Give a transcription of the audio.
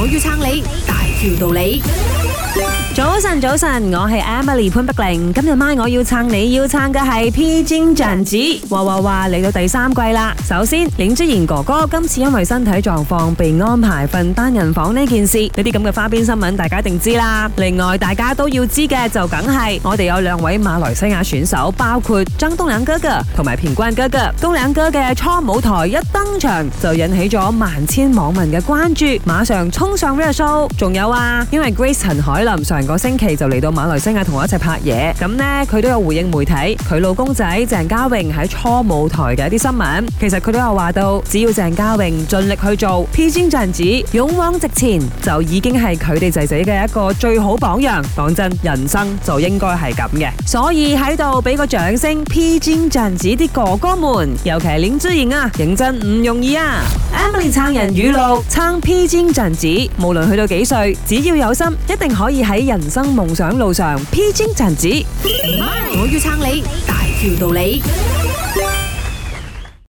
我要撐你，大條道理。早晨，早晨，我係 Emily 潘碧玲。今日晚我要撐，你要撐嘅係《披荊斬棘》。哇，哇哇嚟到第三季啦！首先，影之賢哥哥今次因為身體狀況被安排瞓單人房呢件事，呢啲咁嘅花邊新聞大家一定知啦。另外，大家都要知嘅就梗係，我哋有兩位馬來西亞選手，包括張棟樑哥哥同埋品冠哥哥。棟樑哥嘅初舞台一登場就引起咗萬千網民嘅關注，馬上衝上熱搜。仲有啊，因為 Grace 陳海。林上個星期就嚟到馬來西亞同我一齊拍嘢，咁呢，佢都有回應媒體佢老公仔鄭嘉穎喺初舞台嘅一啲新聞，其實佢都有話到，只要鄭嘉穎盡力去做披荊斬棘勇往直前就已經係佢哋仔仔嘅一個最好榜樣，講真人生就應該係咁嘅，所以喺度俾個掌聲披荊斬棘啲哥哥們，尤其係練珠妍啊認真唔容易啊，Emily 撐、啊啊、人語錄撐披荊斬棘，無論去到幾歲，只要有心一定可以。可以喺人生夢想路上披荊斬棘，我要撐你，大條道理。